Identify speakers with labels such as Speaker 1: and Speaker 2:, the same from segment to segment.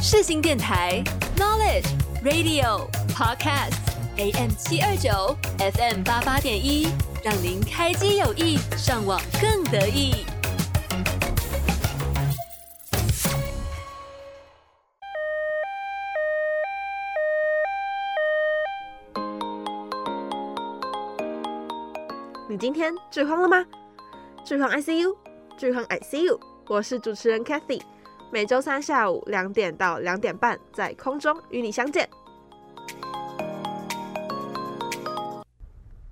Speaker 1: 世新電臺 Knowledge Radio Podcast AM 七二九 FM 八八點一，讓您開機有益，上網更得意。你今天劇荒了嗎？劇荒 ICU，劇荒 ICU，IC 我是主持人 Cathy。每週三下午兩點到兩點半，在空中與你相見。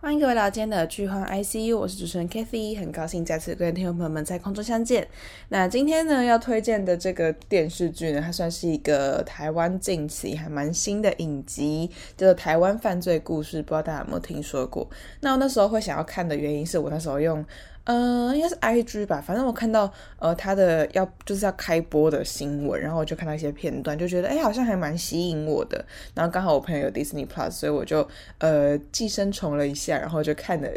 Speaker 1: 歡迎各位來到今天的《劇荒 ICU》，我是主持人 Kathy，很高興再次跟聽眾朋友們在空中相見。那今天呢，要推薦的這個電視劇呢，它算是一個台灣近期還蠻新的影集，叫做《台灣犯罪故事》，不知道大家有沒有聽說過？那我那時候會想要看的原因是我那時候用。嗯、呃，應該是 IG 吧，反正我看到呃他的要就是要開播的新聞，然後我就看到一些片段，就覺得哎、欸，好像還蠻吸引我的。然後剛好我朋友有 Disney Plus，所以我就呃寄生蟲了一下，然後就看了，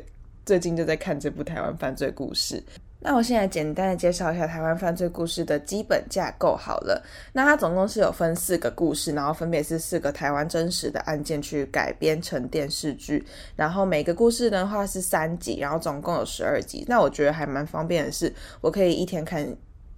Speaker 1: 最近就在看這部台灣犯罪故事。那我現在簡單的介紹一下台灣犯罪故事的基本架構好了。那它總共是有分四個故事，然後分別是四個台灣真實的案件去改編成電視劇。然後每個故事的話是三集，然後總共有十二集。那我覺得還蠻方便的是，我可以一天看。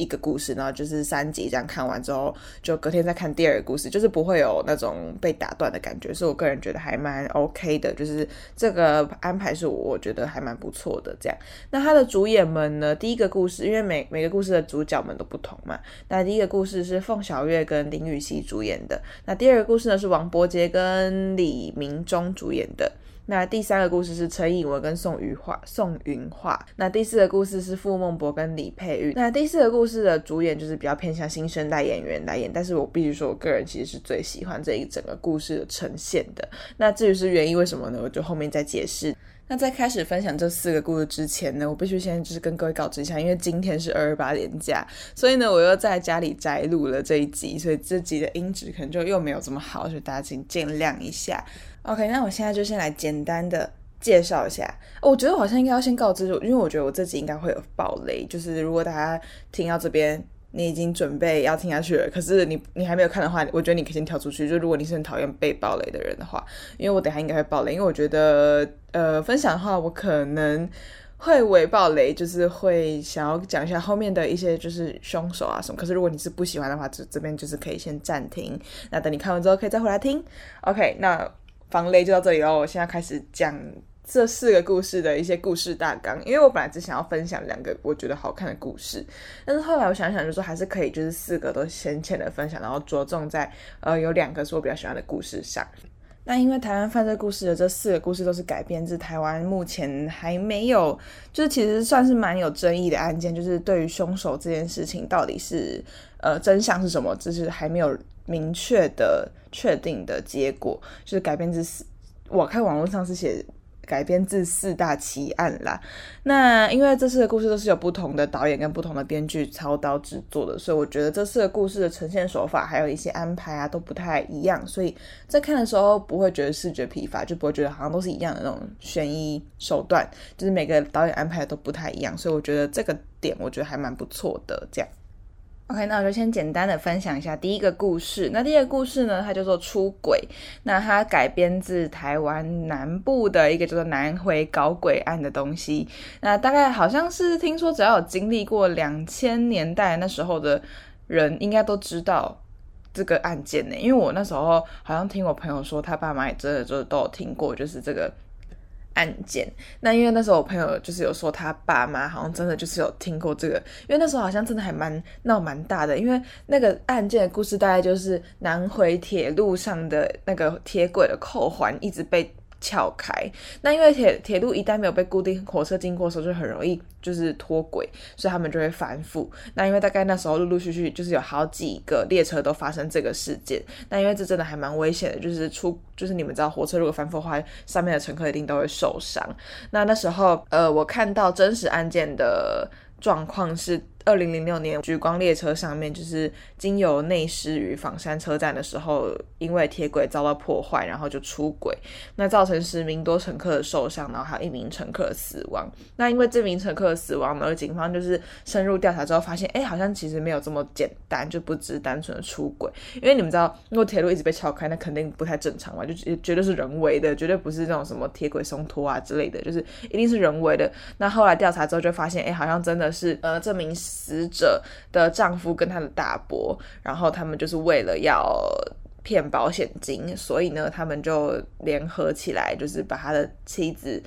Speaker 1: 一個故事呢，就是三集這樣看完之後，就隔天再看第二個故事，就是不會有那種被打斷的感覺，所以我個人覺得還蠻 OK 的，就是這個安排是我覺得還蠻不錯的。這樣，那他的主演們呢？第一個故事因為每每個故事的主角們都不同嘛，那第一個故事是鳳小岳跟林予晞主演的，那第二個故事呢是王柏傑跟李銘忠主演的。那第三個故事是陳以文跟宋雨樺，宋芸樺。那第四個故事是傅孟柏跟李佩玉。那第四個故事的主演就是比較偏向新生代演員來演。但是我必須說，我個人其實是最喜歡這一個整個故事的呈現的。那至於是原因為什麼呢？我就後面再解釋。 那在開始分享這四個故事之前呢，我必須先就是跟各位告知一下，因為今天是二二八年假，所以呢，我又在家裡摘錄了這一集，所以這集的音質可能就又沒有這麼好，所以大家請見諒一下。OK，那我現在就先來簡單的介紹一下。Oh, 我覺得我好像應該要先告知，因為我覺得我自己應該會有暴雷。就是如果大家聽到這邊，你已經準備要聽下去了，可是你你還沒有看的話，我覺得你可以先跳出去。就如果你是很討厭被暴雷的人的話，因為我等一下應該會暴雷，因為我覺得呃，分享的話，我可能會微暴雷，就是會想要講一下後面的一些就是兇手啊什麼。可是如果你是不喜歡的話，這這邊就是可以先暫停。那等你看完之後，可以再回來聽。OK，那。分類就到這裡嘍，我現在開始講這四個故事的一些故事大綱。因為我本來只想要分享兩個我覺得好看的故事，但是後來我想想，就是說還是可以就是四個都淺淺的分享，然後着重在呃有兩個是我比較喜歡的故事上。那因為台灣犯罪故事的這四個故事都是改編自台灣目前還沒有，就是其實算是蠻有爭議的案件，就是對於兇手這件事情到底是呃真相是什麼，就是還沒有。明確的、確定的結果，就是改編自四，我看網絡上是寫改編自四大奇案啦。那因為這四個故事都是有不同的導演跟不同的編劇操刀制作的，所以我覺得這四個故事的呈現手法還有一些安排啊都不太一樣，所以在看的時候不會覺得視覺疲乏，就不會覺得好像都是一樣的那種懸疑手段，就是每個導演安排的都不太一樣，所以我覺得這個點我覺得還蠻不錯的，這樣。OK，那我就先簡單的分享一下第一個故事。那第一個故事呢，它叫做出軌。那它改編自台灣南部的一個叫做南迴搞軌案的東西。那大概好像是聽說，只要有經歷過兩千年代那時候的人，應該都知道這個案件呢。因為我那時候好像聽我朋友說，他爸媽也真的就都有聽過，就是這個。案件，那因為那時候我朋友就是有說他爸媽好像真的就是有聽過這個，因為那時候好像真的還蠻鬧蠻大的，因為那個案件的故事大概就是南回鐵路上的那個鐵軌的扣環一直被。撬開，那因為鐵鐵路一旦沒有被固定，火車經過的時候就很容易就是脫軌，所以他們就會翻覆。那因為大概那時候陸陸續續就是有好幾個列車都發生這個事件，那因為這真的還蠻危險的，就是出就是你們知道，火車如果翻覆的話，上面的乘客一定都會受傷。那那時候，呃，我看到真實案件的狀況是。二零零六年，莒光列車上面就是經由內獅與枋山車站的時候，因為鐵軌遭到破壞，然後就出軌，那造成十名多乘客的受傷，然後還有一名乘客的死亡。那因為這名乘客的死亡，呢，警方就是深入調查之後發現，哎、欸，好像其實沒有這麼簡單，就不止單純的出軌。因為你們知道，如果鐵路一直被撬開，那肯定不太正常嘛，就絕對是人為的，絕對不是那種什麼鐵軌鬆脫啊之類的，就是一定是人為的。那後來調查之後就發現，哎、欸，好像真的是，呃，這名。死者的丈夫跟他的大伯，然後他們就是為了要騙保險金，所以呢，他們就聯合起來，就是把他的妻子，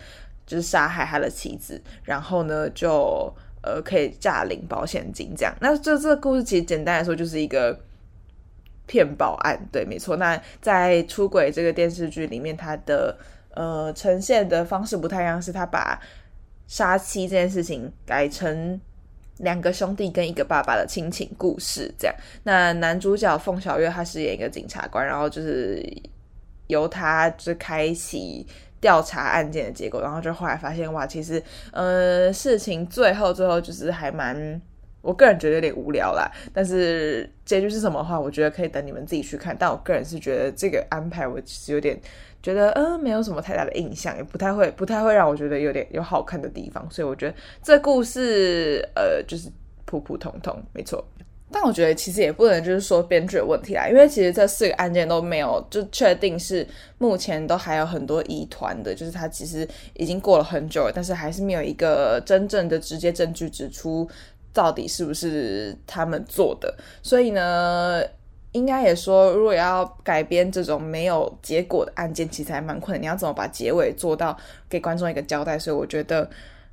Speaker 1: 就是殺害他的妻子，然後呢，就呃可以詐領保險金這樣，那這這個故事其實簡單來說就是一個騙保案，對，沒錯。那在《出軌》這個電視劇裡面，他的呃呈現的方式不太一樣，是他把殺妻這件事情改成。兩個兄弟跟一個爸爸的親情故事，這樣。那男主角鳳小岳，他飾演一個警察官，然後就是由他就開啟調查案件的結果，然後就後來發現哇，其實呃事情最後最後就是還蠻，我個人覺得有點無聊啦。但是結局是什麼話，我覺得可以等你們自己去看。但我個人是覺得這個安排，我其實有點。覺得呃沒有什麼太大的印象，也不太會不太會讓我覺得有點有好看的地方，所以我覺得這故事呃就是普普通通，沒錯。但我覺得其實也不能就是說編劇的問題啦，因為其實這四個案件都沒有就確定是，目前都還有很多疑團的，就是他其實已經過了很久了，但是還是沒有一個真正的直接證據指出到底是不是他們做的，所以呢。應該也說，如果要改編這種沒有結果的案件，其實還蠻困難，你要怎麼把結尾做到給觀眾一個交代，所以我覺得。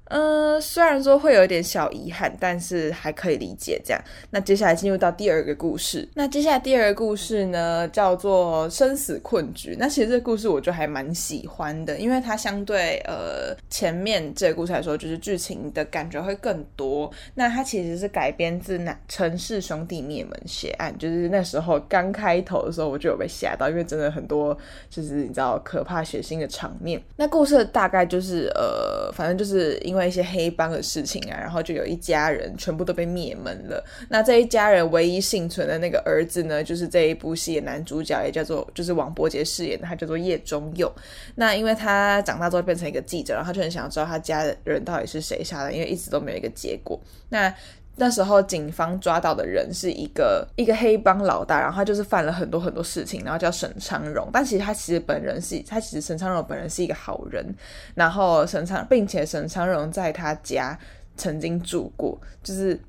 Speaker 1: 呃，雖然說會有一點小遺憾，但是還可以理解這樣。那接下來進入到第二個故事。那接下來第二個故事呢，叫做《生死困局》。那其實這個故事我就還蠻喜歡的，因為它相對呃前面這個故事來說，就是劇情的感覺會更多。那它其實是改編自那《城市兄弟滅門血案》，就是那時候剛開頭的時候我就有被嚇到，因為真的很多就是你知道可怕血腥的場面。那故事大概就是呃，反正就是。因為一些黑幫的事情啊，然後就有一家人全部都被滅門了。那這一家人唯一倖存的那個兒子呢，就是這一部戲的男主角，也叫做就是王柏杰飾演的，他叫做葉中佑。那因為他長大之後變成一個記者，然後他就很想知道他家人到底是誰殺的，因為一直都沒有一個結果。那那時候警方抓到的人是一個一個黑幫老大，然後他就是犯了很多很多事情，然後叫沈昌榮。但其實他其實本人是，他其實沈昌榮本人是一個好人。然後沈昌，並且沈昌榮在他家曾經住過，就是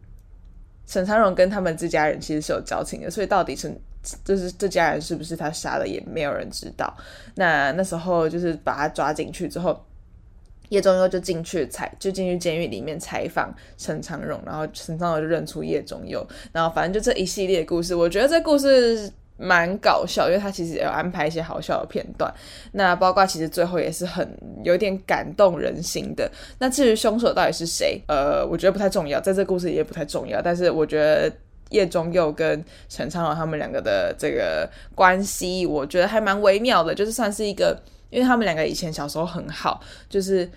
Speaker 1: 沈昌榮跟他們這家人其實是有交情的，所以到底是就是這家人是不是他殺的，也沒有人知道。那那時候就是把他抓進去之後。葉中佑就進去採，就進去監獄裡面採訪陳昌榮，然後陳昌榮就認出葉中佑，然後反正就這一系列的故事，我覺得這故事蠻搞笑，因為他其實也有安排一些好笑的片段。那包括其實最後也是很有點感動人心的。那至於兇手到底是誰？呃，我覺得不太重要，在這故事也不太重要。但是我覺得葉中佑跟陳昌榮他們兩個的這個關係，我覺得還蠻微妙的，就是算是一個。因為他們兩個以前小時候很好，就是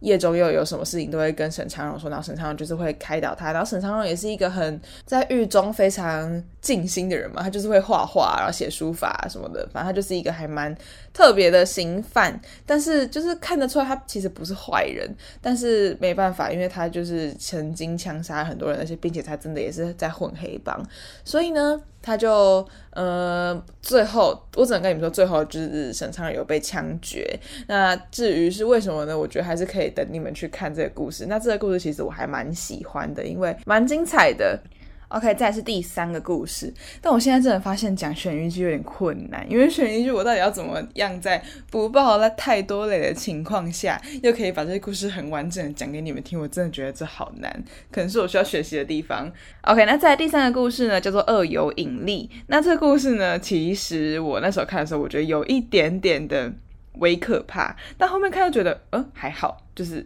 Speaker 1: 葉中又有什麼事情都會跟沈長榮說，然後沈長榮就是會開導他。然後沈長榮也是一個很在獄中非常靜心的人嘛，他就是會畫畫，然後寫書法什麼的，反正他就是一個還蠻。特別的刑犯，但是就是看得出來，他其實不是壞人，但是沒辦法，因為他就是曾經槍殺很多人那些，而且並且他真的也是在混黑幫，所以呢，他就呃，最後我只能跟你們說，最後就是沈昌有被槍決。那至於是為什麼呢？我覺得還是可以等你們去看這個故事。那這個故事其實我還蠻喜歡的，因為蠻精彩的。OK，再是第三個故事，但我現在真的發現講懸疑劇有點困難，因為懸疑劇我到底要怎麼樣在不爆了太多雷的情況下，又可以把這個故事很完整的講給你們聽，我真的覺得這好難，可能是我需要學習的地方。OK，那再第三個故事呢，叫做《惡有引力》。那這個故事呢，其實我那時候看的時候，我覺得有一點點的微可怕，但後面看又覺得，嗯，還好，就是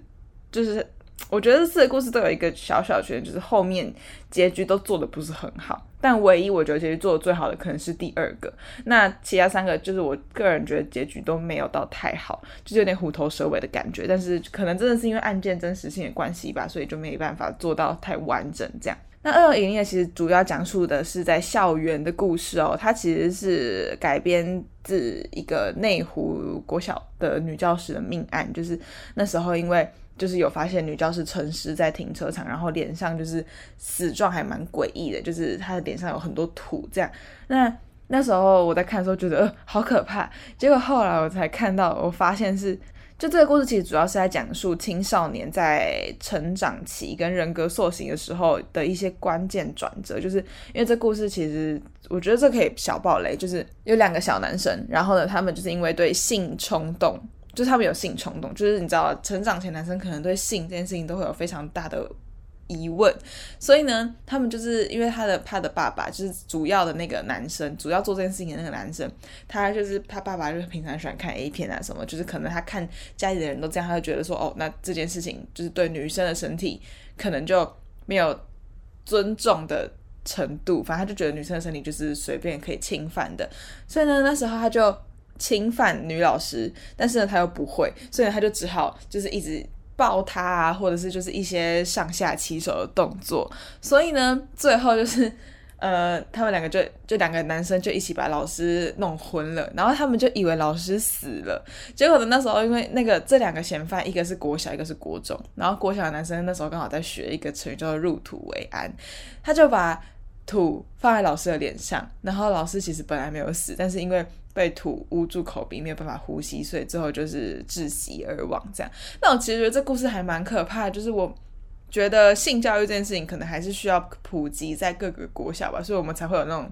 Speaker 1: 就是。我覺得這四個故事都有一個小小缺，就是後面結局都做的不是很好。但唯一我覺得其實做的最好的可能是第二個，那其他三個就是我個人覺得結局都沒有到太好，就是有點虎頭蛇尾的感覺。但是可能真的是因為案件真實性的關係吧，所以就沒辦法做到太完整這樣。那《惡有引力》其實主要講述的是在校園的故事哦，它其實是改編自一個內湖國小的女教師的命案，就是那時候因為。就是有發現女教師沉屍在停車場，然後臉上就是死狀還蠻詭異的，就是她的臉上有很多土這樣。那那時候我在看的時候覺得，呃，好可怕，結果後來我才看到，我發現是就這個故事其實主要是在講述青少年在成長期跟人格塑形的時候的一些關鍵轉折，就是因為這故事其實我覺得這可以小爆雷，就是有兩個小男生，然後呢，他們就是因為對性衝動。就是他們有性衝動，就是你知道，成長前男生可能對性這件事情都會有非常大的疑問，所以呢，他們就是因為他的他的爸爸就是主要的那個男生，主要做這件事情的那個男生，他就是他爸爸就是平常喜歡看 A 片啊什麼，就是可能他看家裡的人都這樣，他就覺得說，哦，那這件事情就是對女生的身體可能就沒有尊重的程度，反正他就覺得女生的身體就是隨便可以侵犯的，所以呢，那時候他就。侵犯女老師，但是呢，他又不會，所以他就只好就是一直抱她啊，或者是就是一些上下其手的動作。所以呢，最後就是呃，他們兩個就就兩個男生就一起把老師弄昏了，然後他們就以為老師死了。結果呢，那時候因為那個這兩個嫌犯一個是國小，一個是國中，然後國小的男生那時候剛好在學一個成語叫做入土為安，他就把土放在老師的臉上，然後老師其實本來沒有死，但是因為被土捂住口鼻，沒有辦法呼吸，所以最後就是窒息而亡。這樣，那我其實覺得這故事還蠻可怕。就是我覺得性教育這件事情，可能還是需要普及在各個國小吧，所以我們才會有那種。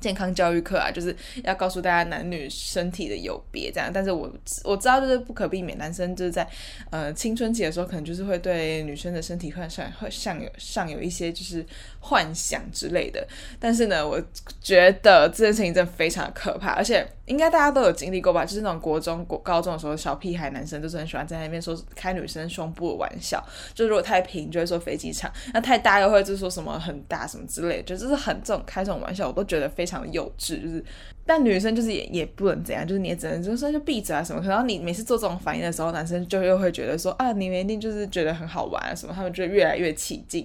Speaker 1: 健康教育課啊，就是要告訴大家男女身體的有別這樣。但是我我知道就是不可避免，男生就是在呃青春期的時候，可能就是會對女生的身體幻想，會上有，上有一些就是幻想之類的。但是呢，我覺得這件事情真的非常的可怕，而且應該大家都有經歷過吧？就是那種國中國高中的時候，小屁孩男生就是很喜歡在那邊說開女生胸部的玩笑。就如果太平，就會說飛機場；那太大又會就說什麼很大什麼之類的，就是很這種開這種玩笑，我都覺得非。非常幼稚，就是，但女生就是也也不能怎樣，就是你也只能就說就閉嘴啊什麼。可能然後你每次做這種反應的時候，男生就又會覺得說啊，你們一定就是覺得很好玩啊什麼，他們就越來越起勁。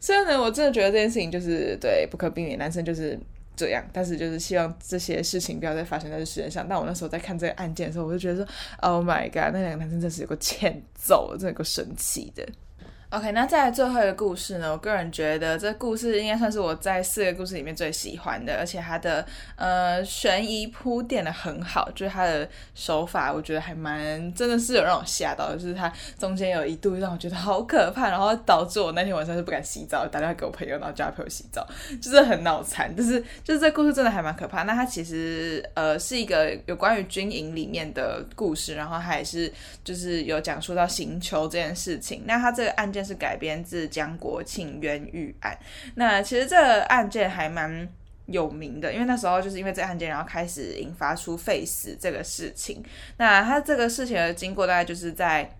Speaker 1: 所以呢，我真的覺得這件事情就是對不可避免，男生就是這樣，但是就是希望這些事情不要再發生在這世界上。但我那時候在看這個案件的時候，我就覺得說，Oh my God，那兩個男生真是有夠欠揍，真有夠神奇的。OK，那再來最後一個故事呢？我個人覺得這故事應該算是我在四個故事裡面最喜歡的，而且它的呃懸疑鋪墊的很好，就是它的手法，我覺得還蠻真的是有讓我嚇到的，就是它中間有一度讓我覺得好可怕，然後導致我那天晚上是不敢洗澡，打電話給我朋友，然後叫他陪我洗澡，就是很腦殘，就是就是這故事真的還蠻可怕。那它其實呃是一個有關於軍營裡面的故事，然後它也是就是有講述到刑求這件事情。那它這個案件。是改編自江國慶冤獄案。那其實這個案件還蠻有名的，因為那時候就是因為這案件，然後開始引發出廢死這個事情。那它這個事情的經過，大概就是在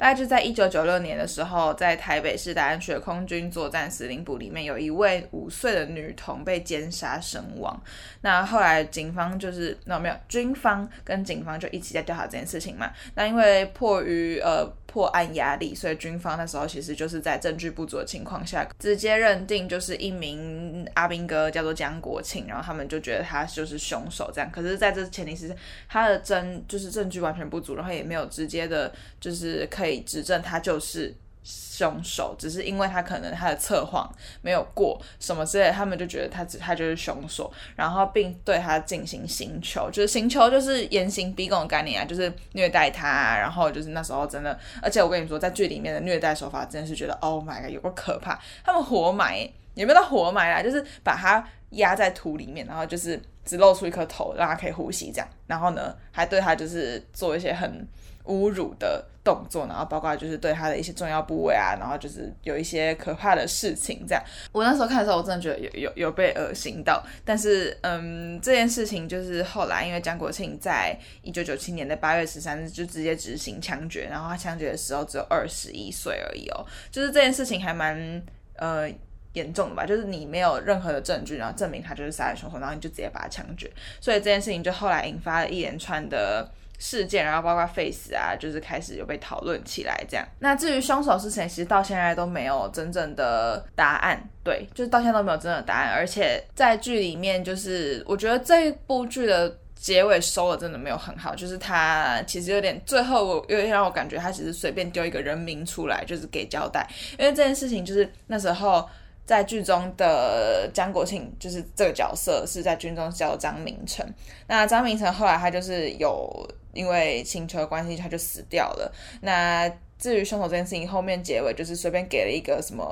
Speaker 1: 大概就在一九九六年的時候，在台北市大安區的空軍作戰司令部裡面，有一位五歲的女童被奸殺身亡。那後來警方就是，那有沒有軍方跟警方就一起在調查這件事情嘛。那因為迫於呃。破案壓力，所以軍方那時候其實就是在證據不足的情況下，直接認定就是一名阿兵哥叫做江國慶，然後他們就覺得他就是兇手這樣。可是在這前提是他的證就是證據完全不足，然後也沒有直接的就是可以指證他就是。兇手只是因為他可能他的測謊沒有過什麼之類的，他們就覺得他只他就是兇手，然後並對他進行刑求，就是刑求就是嚴刑逼供的概念啊，就是虐待他啊，然後就是那時候真的，而且我跟你說，在劇裡面的虐待手法真的是覺得，Oh my god，有多可怕！他們活埋，有沒有他活埋啦啊，就是把他壓在土裡面，然後就是只露出一顆頭，讓他可以呼吸這樣，然後呢還對他就是做一些很。侮辱的動作，然後包括就是對他的一些重要部位啊，然後就是有一些可怕的事情。這樣，我那時候看的時候，我真的覺得有有有被噁心到。但是，嗯，這件事情就是後來，因為江國慶在一九九七年的八月十三日就直接執行槍決，然後他槍決的時候只有二十一歲而已哦，就是這件事情還蠻呃嚴重的吧。就是你沒有任何的證據，然後證明他就是殺人兇手，然後你就直接把他槍決。所以這件事情就後來引發了一連串的。事件，然後包括 face 啊，就是開始就被討論起來這樣。那至於凶手是誰，其實到現在都沒有真正的答案。對，就是到現在都沒有真正的答案。而且在劇裡面，就是我覺得這部劇的結尾收的真的沒有很好。就是他其實有點最後有，我又讓我感覺他只是隨便丟一個人名出來，就是給交代。因為這件事情就是那時候在劇中的江國慶，就是這個角色是在軍中叫張明成。那張明成後來他就是有。因為情仇的關係，他就死掉了。那至於凶手這件事情，後面結尾就是隨便給了一個什麼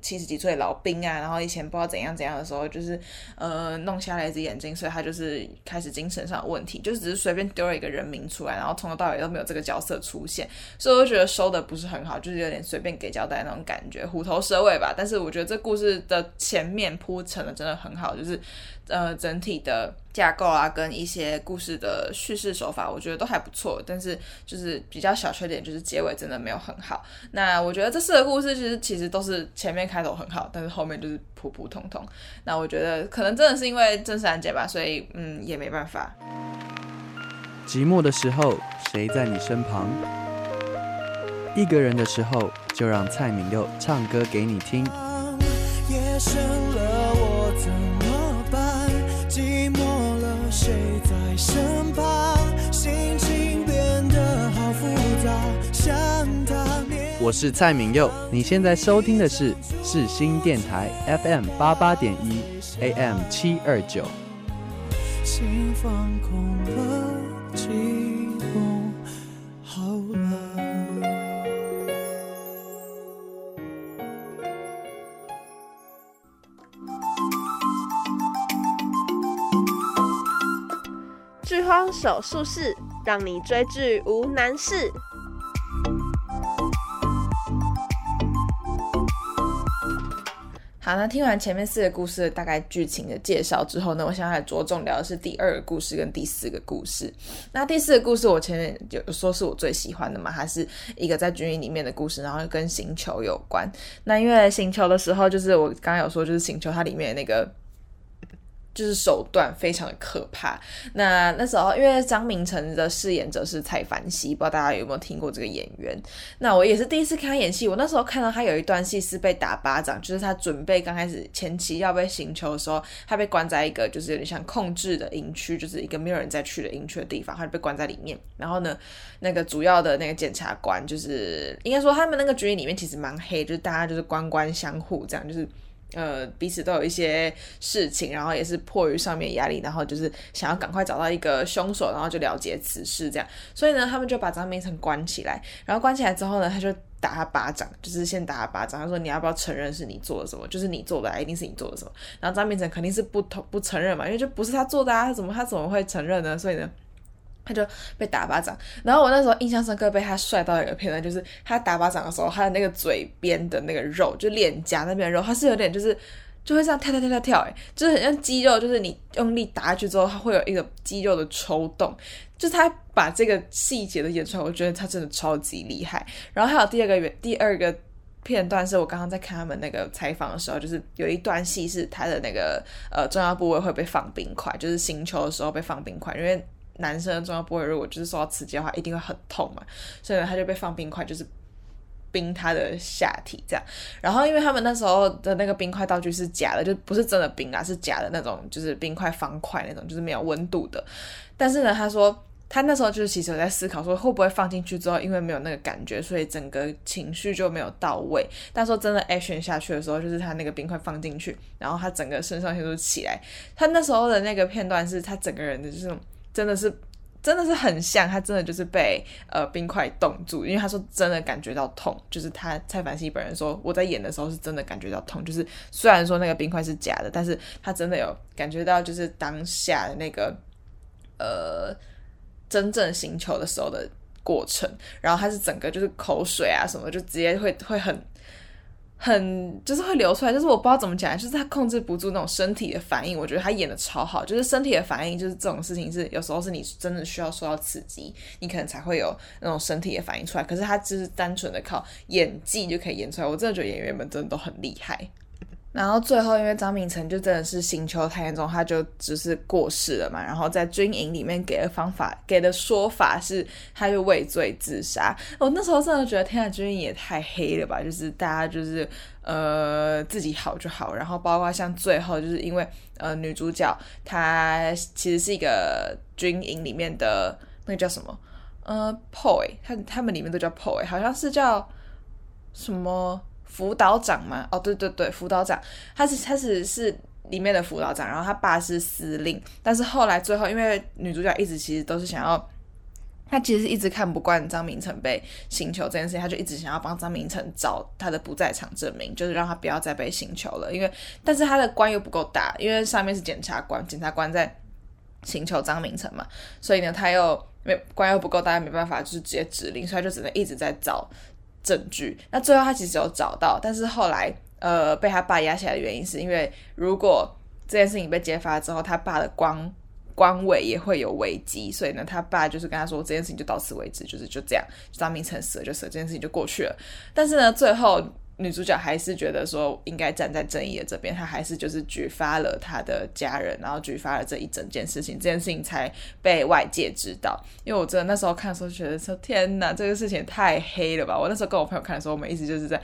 Speaker 1: 七十幾歲的老兵啊，然後以前不知道怎樣怎樣的時候，就是呃弄瞎了一隻眼睛，所以他就是開始精神上的問題，就是只是隨便丟了一個人名出來，然後從頭到尾都沒有這個角色出現，所以我覺得收的不是很好，就是有點隨便給交代那種感覺，虎頭蛇尾吧。但是我覺得這故事的前面鋪陳的真的很好，就是。呃，整體的架構啊，跟一些故事的敘事手法，我覺得都還不錯。但是就是比較小缺點，就是結尾真的沒有很好。那我覺得這四個故事其實其實都是前面開頭很好，但是後面就是普普通通。那我覺得可能真的是因為真實案件吧，所以嗯也沒辦法。
Speaker 2: 寂寞的時候，誰在你身旁？一個人的時候，就讓蔡明六唱歌給你聽。我是蔡明佑，你現在收聽的是世新電台 FM 八八點一 AM 七二九。
Speaker 1: 劇荒手術室，讓你追劇無難事。好，那聽完前面四個故事的大概劇情的介紹之後呢，我想來着重聊的是第二個故事跟第四個故事。那第四個故事，我前面就說是我最喜歡的嘛，它是一個在軍營裡面的故事，然後跟刑求有關。那因為刑求的時候，就是我剛剛有說，就是刑求它裡面那個。就是手段非常的可怕。那那時候，因為張明成的飾演者是蔡凡熙，不知道大家有沒有聽過這個演員？那我也是第一次看他演戲。我那時候看到他有一段戲是被打巴掌，就是他準備剛開始前期要被刑求的時候，他被關在一個就是有點像控制的營區，就是一個沒有人在去的營區的地方，他就被關在裡面。然後呢，那個主要的那個檢察官，就是應該說他們那個局裡面其實蠻黑，就是大家就是官官相護這樣，就是。呃，彼此都有一些事情，然後也是迫於上面壓力，然後就是想要趕快找到一個兇手，然後就了結此事，這樣。所以呢，他們就把張明成關起來，然後關起來之後呢，他就打他巴掌，就是先打他巴掌，他說你要不要承認是你做的什麼，就是你做的啊，一定是你做的什麼。然後張明成肯定是不不承認嘛，因為就不是他做的啊，他怎麼他怎麼會承認呢？所以呢。他就被打巴掌，然後我那時候印象深刻被他帥到一個片段，就是他打巴掌的時候，他的那個嘴邊的那個肉，就臉頰那邊的肉，他是有點就是就會這樣跳跳跳跳跳，哎、欸，就是很像肌肉，就是你用力打下去之後，他會有一個肌肉的抽動，就是他把這個細節都演出來，我覺得他真的超級厲害。然後還有第二個第二個片段，是我剛剛在看他們那個採訪的時候，就是有一段戲是他的那個呃重要部位會被放冰塊，就是星球的時候被放冰塊，因為。男生的重要部位，如果就是受到刺激的話，一定會很痛嘛。所以呢，他就被放冰塊，就是冰他的下體這樣。然後因為他們那時候的那個冰塊道具是假的，就不是真的冰啊，是假的那種，就是冰塊方塊那種，就是沒有溫度的。但是呢，他說他那時候就是其實我在思考說會不會放進去之後，因為沒有那個感覺，所以整個情緒就沒有到位。但說真的 action 下去的時候，就是他那個冰塊放進去，然後他整個身上就都起來。他那時候的那個片段是他整個人的這種。真的是，真的是很像，他真的就是被呃冰塊凍住，因為他說真的感覺到痛，就是他蔡凡熙本人說，我在演的時候是真的感覺到痛，就是雖然說那個冰塊是假的，但是他真的有感覺到就是當下的那個呃真正刑求的時候的過程，然後他是整個就是口水啊什麼就直接會會很。很就是會流出來，就是我不知道怎麼講，就是他控制不住那種身體的反應。我覺得他演的超好，就是身體的反應，就是這種事情是有時候是你真的需要受到刺激，你可能才會有那種身體的反應出來。可是他就是單純的靠演技就可以演出來，我真的覺得演員們真的都很厲害。然後最後，因為張明成就真的是刑求太嚴重，他就只是過世了嘛。然後在軍營裡面給的方法，給的說法是，他就畏罪自殺。我那時候真的覺得，天下軍營也太黑了吧！就是大家就是呃自己好就好。然後包括像最後，就是因為呃女主角她其實是一個軍營裡面的那個叫什麼呃 Poe，他他們裡面都叫 Poe，好像是叫什麼。輔導長嘛？哦，對對對，輔導長，他是他只是，是裡面的輔導長，然後他爸是司令，但是後來最後，因為女主角一直其實都是想要，她其實一直看不慣張明成被刑求這件事情，她就一直想要幫張明成找他的不在場證明，就是讓他不要再被刑求了。因為，但是他的官又不夠大，因為上面是檢察官，檢察官在刑求張明成嘛，所以呢，他又沒官又不夠大，沒辦法，就是直接指令，所以就只能一直在找。證據，那最後他其實有找到，但是後來，呃，被他爸壓下來的原因是因為，如果這件事情被揭發之後，他爸的官官位也會有危機，所以呢，他爸就是跟他說，這件事情就到此為止，就是就這樣，就張明成死了就死了，這件事情就過去了。但是呢，最後。女主角還是覺得說應該站在正義的這邊，她還是就是舉發了她的家人，然後舉發了這一整件事情，這件事情才被外界知道。因為我真的那時候看的時候覺得說天哪，這個事情太黑了吧！我那時候跟我朋友看的時候，我們一直就是在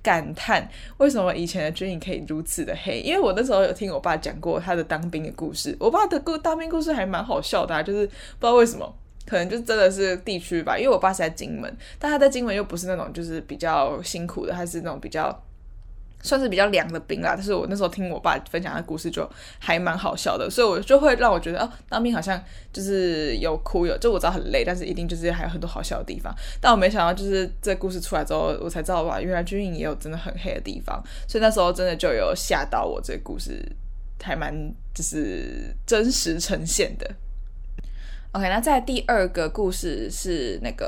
Speaker 1: 感嘆為什麼以前的軍營可以如此的黑。因為我那時候有聽我爸講過他的當兵的故事，我爸的故當兵故事還蠻好笑的啊，就是不知道為什麼，可能就真的是地區吧，因為我爸是在金門，但他在金門又不是那種就是比較辛苦的，他是那種比較算是比較涼的兵啦，但是我那時候聽我爸分享的故事，就還蠻好笑的，所以我就會讓我覺得哦，當兵好像就是有哭有，就我知道很累，但是一定就是還有很多好笑的地方。但我沒想到就是這故事出來之後，我才知道哇，原來軍營也有真的很黑的地方，所以那時候真的就有嚇到我。這個故事還蠻就是真實呈現的。OK，那在第二個故事是那個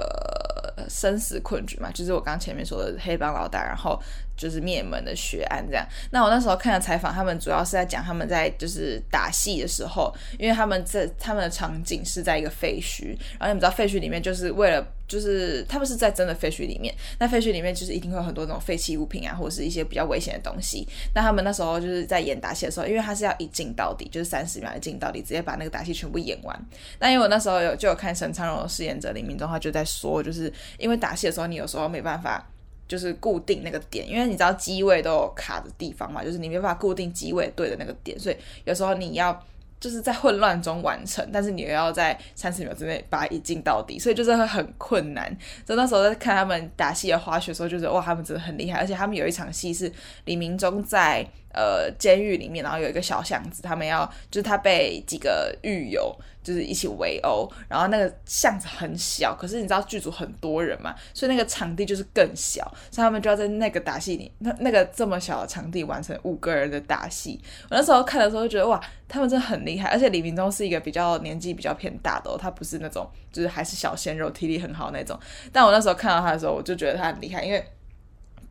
Speaker 1: 生死困局嘛，就是我剛前面說的黑幫老大，然後。就是滅門的血案這樣。那我那時候看了採訪，他們主要是在講他們在就是打戲的時候，因為他們在他們的場景是在一個廢墟，然後你們知道廢墟裡面就是為了就是他們是在真的廢墟裡面。那廢墟裡面就是一定會有很多這種廢棄物品啊，或者是一些比較危險的東西。那他們那時候就是在演打戲的時候，因為他是要一鏡到底，就是三十秒一鏡到底，直接把那個打戲全部演完。那因為我那時候有就有看沈昌榮飾演者李銘順，他就在說，就是因為打戲的時候，你有時候沒辦法。就是固定那個點，因為你知道機位都有卡的地方嘛，就是你沒辦法固定機位對的那個點，所以有時候你要就是在混亂中完成，但是你也要在三十秒之內把它一鏡到底，所以就是會很困難。所以那時候在看他們打戲的花絮的時候，就是哇，他們真的很厲害，而且他們有一場戲是李明忠在。呃，監獄裡面，然後有一個小巷子，他們要就是他被幾個獄友就是一起圍毆，然後那個巷子很小，可是你知道劇組很多人嘛，所以那個場地就是更小，所以他們就要在那個打戲裡，那那個這麼小的場地完成五個人的打戲。我那時候看的時候就覺得哇，他們真的很厲害，而且李銘忠是一個比較年紀比較偏大的哦，他不是那種就是還是小鮮肉、體力很好那種，但我那時候看到他的時候，我就覺得他很厲害，因為。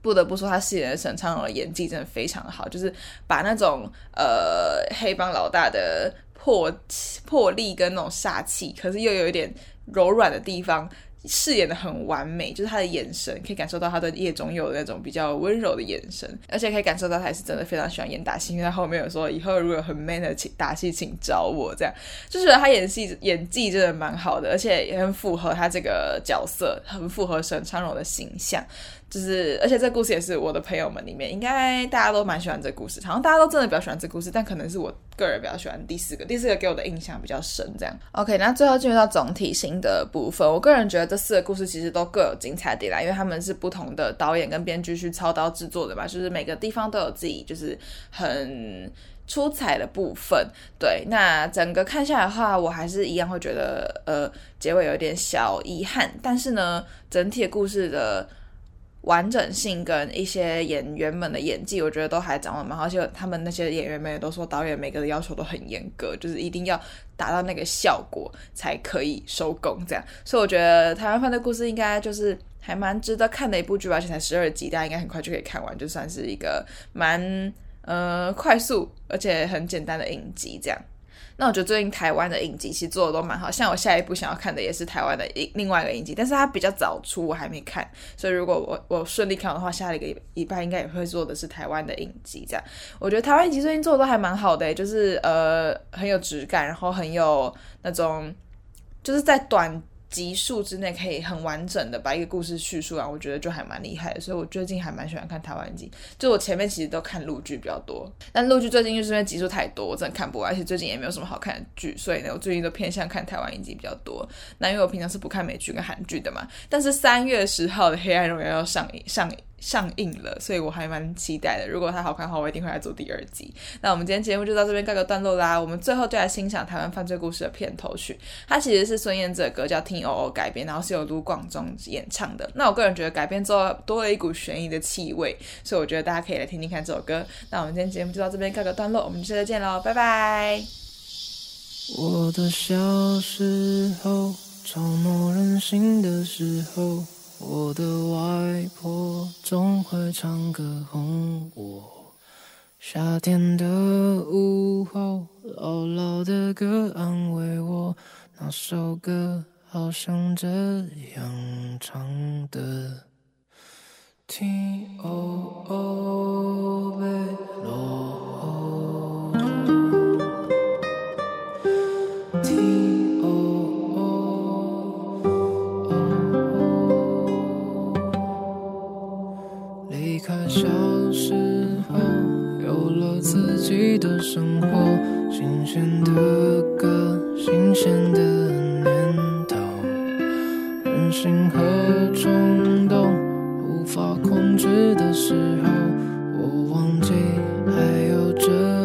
Speaker 1: 不得不說，他飾演的沈昌榮的演技真的非常好，就是把那種呃黑幫老大的魄魄力跟那種煞氣，可是又有一點柔軟的地方，飾演得很完美。就是他的眼神，可以感受到他對葉仲佑那種比較溫柔的眼神，而且可以感受到他是真的非常喜歡演打戲。因為他後面有說，以後如果很 man 的打戲，請找我。這樣就覺得他演戲演技真的蠻好的，而且也很符合他這個角色，很符合沈昌榮的形象。就是，而且這故事也是我的朋友們裡面，應該大家都蠻喜歡這故事，好像大家都真的比較喜歡這故事，但可能是我個人比較喜歡第四個，第四個給我的印象比較深。這樣，OK，那最後進入到總體心得的部分。我個人覺得這四個故事其實都各有精彩點啦，因為他們是不同的導演跟編劇去操刀製作的吧，就是每個地方都有自己就是很出彩的部分。對，那整個看下來的話，我還是一樣會覺得，呃，結尾有一點小遺憾，但是呢，整體的故事的。完整性跟一些演員們的演技，我覺得都還掌握蠻好，而且他們那些演員們也都說，導演每個的要求都很嚴格，就是一定要達到那個效果才可以收工，這樣。所以我覺得《台灣犯罪故事》應該就是還蠻值得看的一部劇吧，而且才十二集，大家應該很快就可以看完，就算是一個蠻呃快速而且很簡單的影集這樣。那我覺得最近台灣的影集其實做的都蠻好，像我下一部想要看的也是台灣的另另外一個影集，但是它比較早出，我還沒看，所以如果我我順利看的話，下一個禮拜應該也會做的是台灣的影集。這樣，我覺得台灣影集最近做的都還蠻好的、欸，就是呃很有質感，然後很有那種就是在短。集數之內可以很完整的把一個故事敘述完，啊，我覺得就還蠻厲害的，所以我最近還蠻喜歡看台灣劇。就我前面其實都看陸劇比較多，但陸劇最近就是因為集數太多，我真的看不完，而且最近也沒有什麼好看的劇，所以呢，我最近都偏向看台灣影集比較多。那因為我平常是不看美劇跟韓劇的嘛，但是三月十號的《黑暗榮耀》要上映，上映。上映了，所以我還蠻期待的。如果它好看的話，我一定會來做第二季。那我們今天節目就到這邊告個段落啦。我們最後就來欣賞台灣犯罪故事的片頭曲，它其實是孫燕姿的歌，叫《聽我》，改編，然後是由盧廣仲演唱的。那我個人覺得改編之後多了一股懸疑的氣味，所以我覺得大家可以來聽聽看這首歌。那我們今天節目就到這邊告個段落，我們下次再見嘍，拜拜。
Speaker 2: 我的小時候我的外婆總會唱歌哄我，夏天的午後，姥姥的歌安慰我，那首歌好像這樣唱的：天黑黑，欲落雨。記得生活，新鮮的歌，新鮮的念頭，任性和衝動，無法控制的時候，我忘記還有這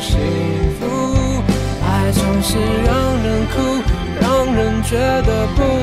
Speaker 2: 幸福，愛總是讓人哭，讓人覺得不。不